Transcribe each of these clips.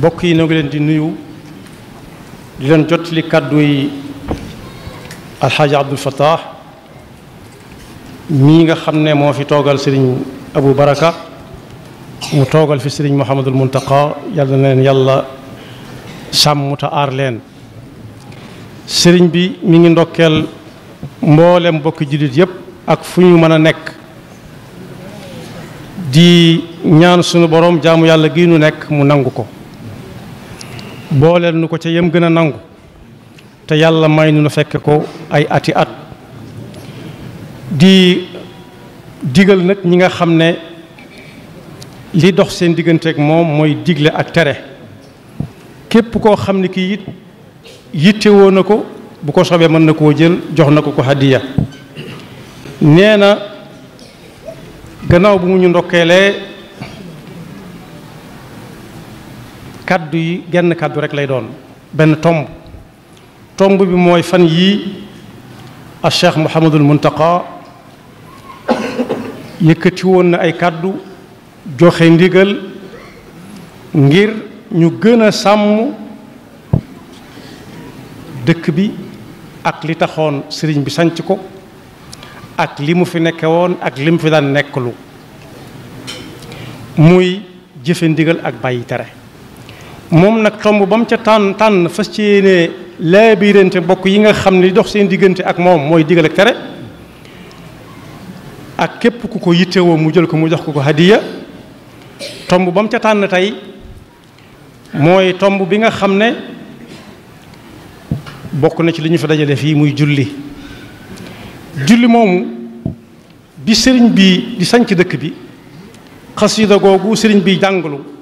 bokk yi noo ngi leen di nuyu di leen jottali kàddu yi alxaaji abdul fattah mii nga xam ne moo fi toogal sëriñ abu baraka mu toogal fi sëriñ muhammadul muntaka yàlla na leen yàlla sàmm te sëriñ bi mi ngi ndokkeel mboolem bokki jullit yépp ak fu ñu mën a nekk di ñaan sunu borom jaamu yàlla gi nu nekk mu nangu ko booleel nu ko ca yem gën a nangu te yàlla may nu nu fekk ko ay ati at di digal nag ñi nga xam ne li dox seen digganteeg moom mooy digle ak tere képp koo xam ne kii it yittewoo na ko bu ko soobee mën na koo jël jox na ko ko hadiya nee na gannaaw bu mu ñu ndokkeelee kàddu yi genn kàddu rekk lay doon benn tomb tomb bi mooy fan yii a cheikh Mouhamadul Muntaqa yëkkati woon na ay kàddu joxe ndigal ngir ñu gën a sàmm dëkk bi ak li taxoon sëriñ bi sanc ko ak li mu fi nekke woon ak li mu fi daan nekk lu muy jëfe ndigal ak bàyyi tere moom nag tomb ba mu ca tànn tànn fas ci yéene laabirante mbokk yi nga xam ne li dox seen diggante ak moom mooy digale ak ak képp ku ko yittewoo mu jël ko mu jox ko ko hadiya tomb ba mu ca tànn tey mooy tomb bi nga xam ne bokk na ci li ñu fa dajale fii muy julli julli moomu bi sëriñ bi di sanc dëkk bi xasida googu sëriñ bi jàngalu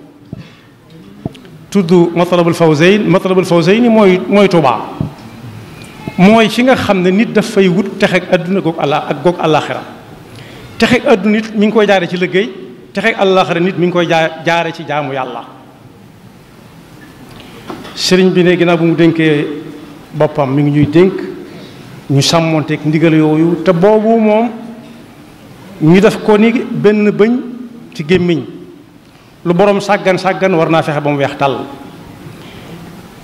tudd matlabul fawzayn matlabul fawzayni mooy mooy Tuubaa mooy fi nga xam ne nit daf fay wut texeeg àdduna goog àlla ak goog àllaaxira texeeg àdduna nit mi ngi koy jaare ci liggéey texeeg àllaaxira nit mi ngi koy jaa jaare ci jaamu yàlla sëriñ bi ne ginnaaw bu mu dénkee boppam mi ngi ñuy dénk ñu sàmmonteeg ndigal yooyu te boobu moom ñu def ko ni benn bëñ ci gémmiñ lu boroom sàggan sàggan war naa fexe ba mu weex tàll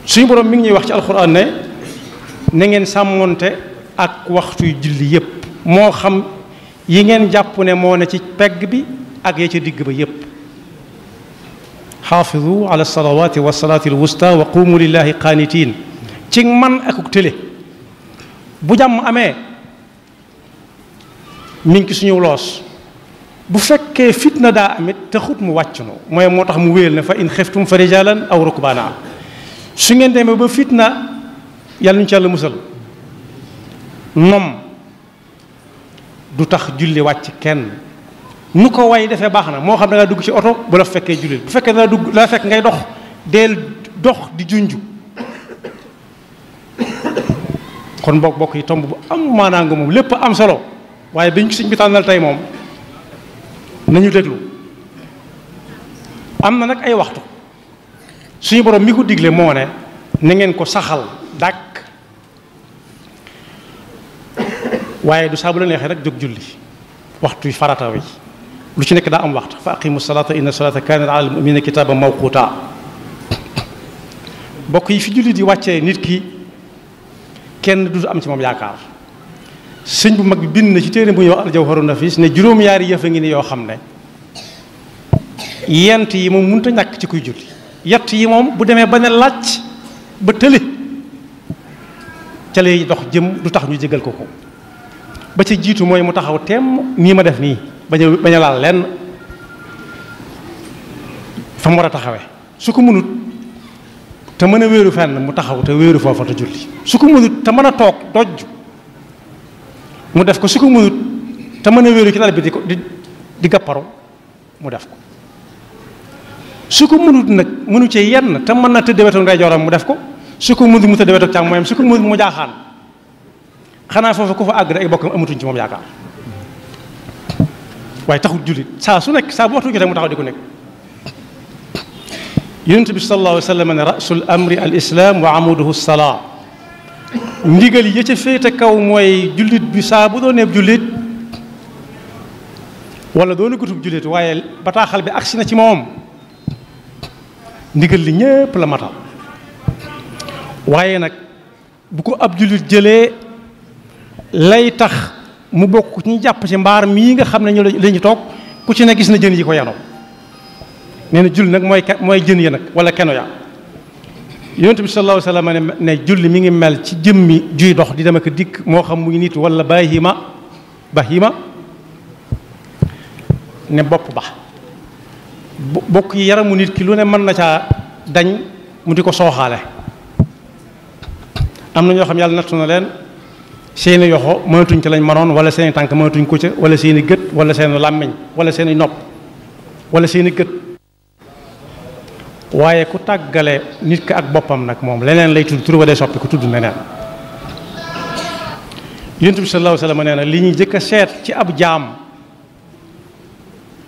suñu borom mi ngi ñuy wax ci alxuraan ne na ngeen sàmmoonte ak waxtuy julli yépp moo xam yi ngeen jàpp ne moo ne ci pegg bi ak ya ca digg ba yépp xaafidu ala salawaati wa salaati al wusta wa qumu lillahi qaanitiin ci man akuk tële bu jàmm amee mi ngi suñu loos bu fekkee fitna daa amit taxut mu wàcc wàccunu mooy moo tax mu wéyal na fa in xeftum fa rijalan aw rukbaana su ngeen demee ba fitna yàlla ñu ci yàlla musal nom du tax julli wàcc kenn nu ko way defee baax na moo xam da ngaa dugg ci oto bu la fekkee julli bu fekkee da dugg la fekk ngay dox deel dox di juñju kon mbokk bokk yi tomb bu am maanaa nga moom lépp am solo waaye bi ko sëñ bi tey moom nañu déglu am na nag ay waxtu suñu borom mi ko digle moo ne na ngeen ko saxal dàkk waaye du saa la neexee rek jóg julli waxtu yi farata wi lu ci nekk daa am waxtu fa aqimu salata inna salata kanat ala almu'minina kitaba mawquta bokk yi fi julli di wàccee nit ki kenn du am ci moom yaakaar sëñ bu mag bi bind na ci téere bu ñuy wax aljawharu nafis ne juróom-ñaari yëf a ngi ne yoo xam ne yent yi moom mënut a ñàkk ci kuy julli yett yi moom bu demee ba ne làcc ba tële ca lay dox jëm du tax ñu jégal ko ko ba ca jiitu mooy mu taxaw temm nii ma def nii bañ a bañ a laal lenn fa mu war a taxawee su ko mënut te mën a wéeru fenn mu taxaw te wéeru foofa te julli su ko mënut te mën a toog dojj mu def ko su ko mënut te mën a wéeru ci lal bi di ko di di gàpparu mu def ko su ko mënut nag mënu ci yenn te mën na tëdd wetu ndeyjooram mu def ko su ko mënut mu tëdd wetu càmmooñam su ko mënut xanaa foofu ku fa àgg bokkam amatuñ ci moom waaye taxul jullit saa su nekk saa bu waxtu jotee mu taxaw di ko nekk yonent bi sallallahu alayhi wa sallam ne rasul amri al wa amuduhu salaa ndigal yi ca féete kaw mooy jullit bi saa bu doonee jullit wala doona gutub jullit waaye bataaxal bi agsi na ci moom ndigal li ñépp la matal waaye nag bu ko ab jullit jëlee lay tax mu bokk ñu jàpp ci mbaar mii nga xam ne ñu la ñu toog ku ci ne gis na jën yi ko yanoo nee na jul nag mooy mooy jën yi nag wala keno ya yonent bi sallallahu alayhi wa sallam ne julli mi ngi mel ci jëmmi juy dox di dem ak dikk moo xam muy nit walla wala bahima bahima ne bopp ba bokk yi yaramu nit ki lu ne mën na caa dañ mu di ko sooxaale am na ñoo xam yàlla nattu na leen seeni yoxo mënatuñ ci lañ mënoon wala seeni tànk mënatuñ ko ca wala seeni gët wala seeni làmmiñ wala seeni nopp wala seeni gët waaye ku tàggale nit ki ak boppam nag moom leneen lay tudd tur ba dee soppi ku tudd neneen yonent bi sallallahu alayhi wa sallam na li ñuy jëkk a seet ci ab jaam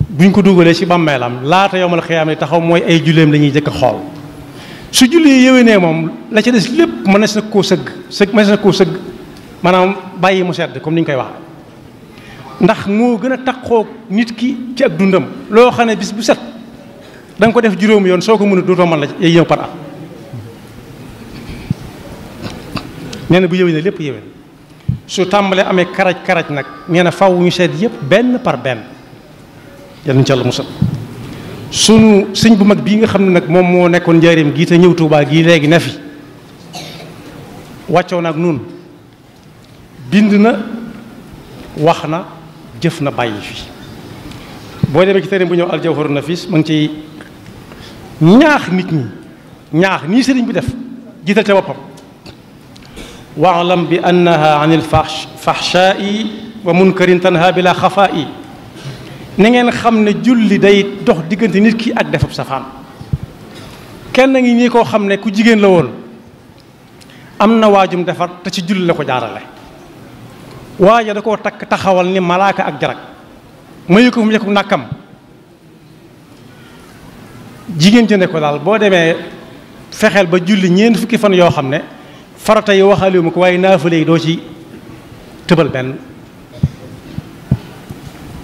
buñ ko dugalee ci bàmmeelam laata yomal xiyaam li taxaw mooy ay julleem la ñuy jëkk a xool su julli yéwénee moom la ca des lépp mën na koo sëgg sëgg mën na ko sëgg maanaam bàyyi mu sedd comme ni ñu koy wax ndax moo gën a taqoo nit ki ci ak dundam loo xam ne bis bu set danga ko def juróomi yoon soo ko mënut dootoo mën la yay ñëw par at nee na bu yëwee ne lépp yëwee su tàmbalee amee karaj karaj nag nee na faw ñu seet yëpp benn par benn yal nañu ci musal sunu sëñ bu mag bii nga xam ne nag moom moo nekkoon njaareem gii te ñëw Tuubaa gi léegi na fi wàccoo nag nun bind na wax na jëf na bàyyi fi boo demee ci bu ñëw aljawharu nafis ma ngi ciy ñaax nit ñi ñaax nii sëriñ bi def jiital ca boppam waalam bi annaha an il fahshaa'i wa munkarin tanha bila xafaa'i na ngeen xam ne julli day dox diggante nit ki ak defab safaan kenn ngi ñi koo xam ne ku jigéen la woon am na waajum defar te ci julli la ko jaarale waaja da koo takk taxawal ni malaaka ak jarag mayu ko fu mu nakam jigéen ci ne ko daal boo demee fexeel ba julli ñeent fukki fan yoo xam ne farata yi waxaale ma ko waaye naafale yi doo ci tëbal benn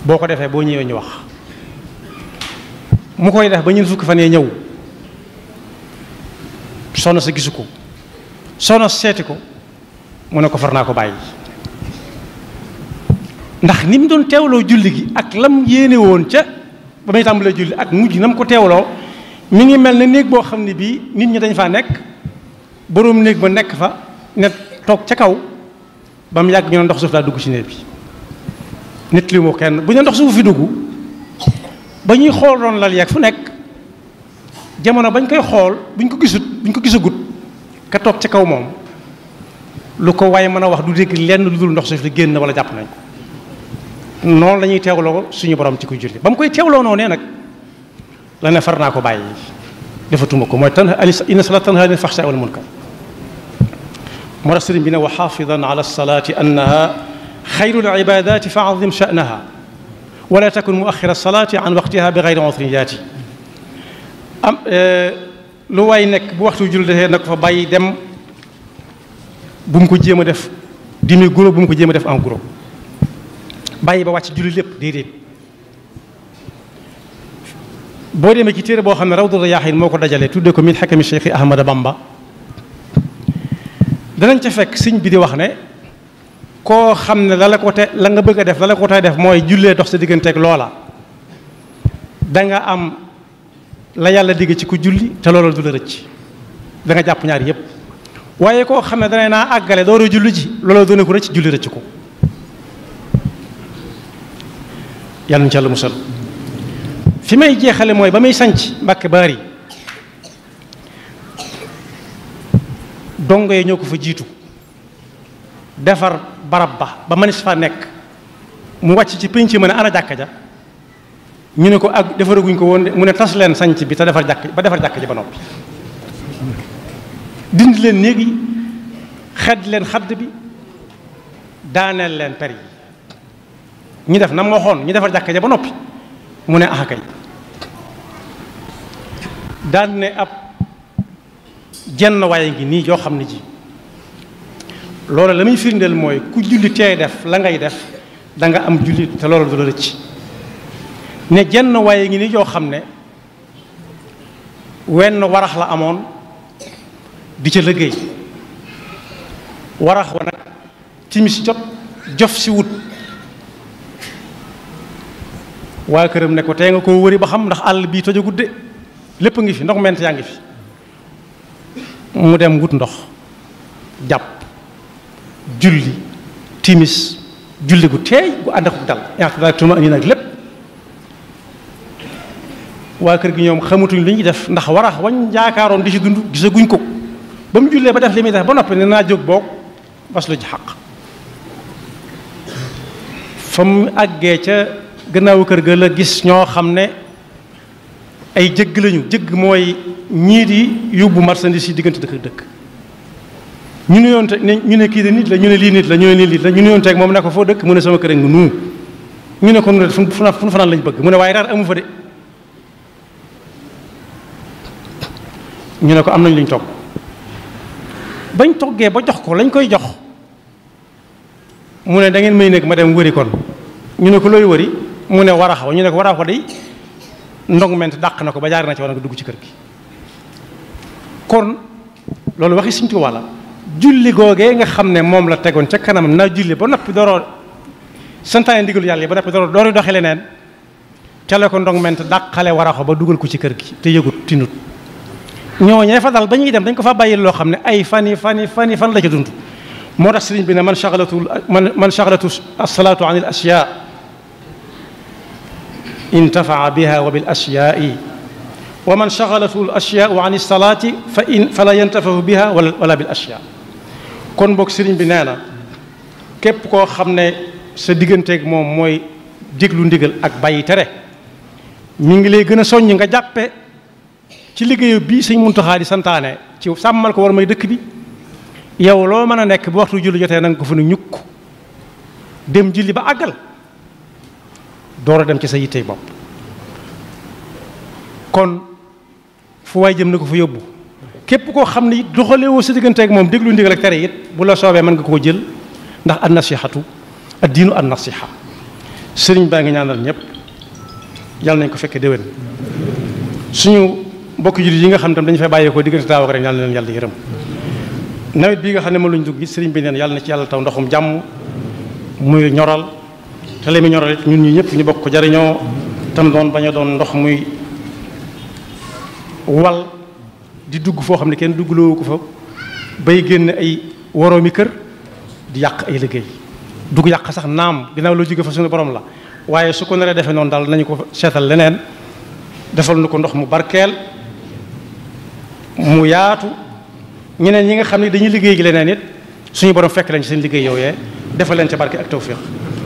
boo ko defee boo ñëwee ñu wax mu koy def ba ñeent fukki fan yee ñëw soxna sa gisu ko soxna seeti ko mu ne ko far naa ko bàyyi ndax ni mu doon teewloo julli gi ak lam yéene ca ba may tàmbalee julli ak mujj na mu ko teewloo mi ngi mel ne néeg boo xam ne bii nit ñi dañu faa nekk boroom néeg ba nekk fa ne toog ca kaw ba mu yàgg ñu ne ndox suuf daa dugg ci néeg bi nit li mu kenn bu ñu ndox suuf fi dugg ba ñuy xool doon lal yeeg fu nekk jamono bañ koy xool buñ ko gisut buñ ko gisagut ka toog ca kaw moom lu ko waaye mën a wax du dégg lenn lu dul ndox suuf li génn wala jàpp nañ ko noonu la ñuy suñu borom ci ko julli ba mu koy teewloo noonee nag. la ne far naa ko bàyyi defatuma ko mooy tan inna salaat tanha anil fahsaa'i wal munkar moo tax sëriñ bi ne wa xaafidan ala salaati annaha xayrul ibadaati fa azim sha'naha wala takun muaxira salaati an waqtiha bi xayri usriyaati am e, lu waay nekk bu waxtu julli defee na ko fa bàyyi dem bu mu ko jéem a def demi guro bu mu ko jéem a def en gros bàyyi ba wàcc julli lépp déedéet boo demee ci téere boo xam ne raw Rawdu Rayaahiin moo ko dajale tuddee ko min xakami Cheikh Ahmada Bamba danañ ca fekk sëñ bi di wax ne koo xam ne la la ko te la nga bëgg a def la la ko tey def mooy jullee dox sa digganteeg loola danga am la yàlla digg ci ko julli te loola du la rëcc da nga jàpp ñaar yépp waaye koo xam ne dana naa àggale doo a julli ji loola dana ko rëcc julli rëcc ko yàlla na ci yàlla musal fi may jeexale mooy ba may sanc Mbàkke Baari dongo yi ñoo ko fa jiitu defar barab ba ba manis fa nekk mu wàcc ci pénc ma ne ana jàkka ja ñu ne ko ak defaraguñ ko woon mu ne tas leen sanc bi te defar jàkk ba defar jàkk ji ba noppi dindi leen néeg yi xedd leen xadd bi daaneel leen per yi ñu def na ma waxoon ñu defar jàkk ja ba noppi mu ne ax ah daan ne ab jenn waaye ngi nii joo xam ne ji loolu la muy firndeel mooy ku julli teey def la ngay def danga am julli te loolu du la rëcc ne jenn waaye ngi nii joo xam ne wenn warax la amoon di ca liggéey warax wa nag timis jot jof si wut waa këram ne ko tee nga koo wëri ba xam ndax àll bii tojagut gudde lépp ngi fi ndox ment yaa ngi fi mu dem wut ndox jàpp julli timis julli gu teey gu ànd ak dal yaa tuma indi nag lépp waa kër gi ñoom xamatuñ li ñuy def ndax war a wañ yaakaaroon di ci dund gisaguñ ko ba mu jullee ba def li muy def ba noppi ne naa jóg boog bas lu ci xaq fa mu àggee ca gannaawu kër ga la gis ñoo xam ne ay jëgg lañu jëgg mooy ñii di yóbbu marchandise yi diggante dëkk dëkk ñu ne yoon te ñu ne kii de nit la ñu ne lii nit la ne lii nit la ñu ne yoon teeg moom ne ko foo dëkk mu ne ñu ne ko nu fu nu fanaan lañ bëgg mu ne waaye dara amu fa de ñu ne ko am nañ luñ togg bañ toggee ba jox ko lañ koy jox mu ne da ngeen may nekk ma dem wëri kon ñu ne ko looy wëri mu ne war a xaw ñu ne ko war a xaw day ndong ment dàq na ko ba jaar na ci war dugg ci kër gi kon loolu waxi Sëñ Tuubaa la julli googee nga xam ne moom la tegoon ca kanam naa julli ba noppi doroo santaane ndigalu yàlla yi ba noppi doroo doori doxe neen ca la ko ndong ment dàqale war a ba dugal ko ci kër gi te yëgut tinut ñooñee fa dal ba ñuy dem dañ ko fa bàyyil loo xam ne ay fani fani fani fan la ca dund moo tax sëriñ bi ne man chaxalatu man man chaxalatu asalaatu intafaa biha wa bil ashyaa'i wa man shagalathu al ashyaa'u an salaati fa in fala yantafahu biha wala bil ashyaa' kon boog sëriñ bi nee na képp koo xam ne sa digganteeg moom mooy déglu ndigal ak bàyyi tere mi ngi lay gën a soññ nga jàppe ci liggéeyu bii sëñ Muntaxaa di santaane ci sàmmal ko war may dëkk bi yow loo mën a nekk bu waxtu julli jotee na nga ko fa ne ñukk dem julli ba àggal door a dem ci sa yittey bopp kon fu waay jëm na ko fa yóbbu képp koo xam ne doxalewoo sa diggante ak moom déglu ndigal ak tere it bu la soobee mën nga koo jël ndax an nasihatu ad diinu an nasiha sëriñ baa ngi ñaanal ñëpp yàlla nañ ko fekkee déwén suñu mbokk jullit yi nga xam tam dañu fay bàyyeekoo diggante daaw ak ren yàlla na leen yàlla yërëm nawet bi nga xam ne ma luñ dugg sëriñ bi neen yàlla na ci yàlla taw ndoxum jàmm muy ñoral te li mu ñoral it ñun ñi ñëpp ñu bokk jariñoo tam doon bañ a doon ndox muy wal di dugg foo xam ne kenn duggloo ko fa bay génn ay woroomi kër di yàq ay liggéey dugg yàq sax naam ginnaaw loo jóge fa suñu borom la waaye su ko naree defee noonu daal nañu ko seetal leneen defal nu ko ndox mu barkeel mu yaatu ñeneen ñi nga xam ne dañuy liggéey gi leneen it suñu borom fekk leen seen liggéey yooyee defal leen ca barke ak tawfiq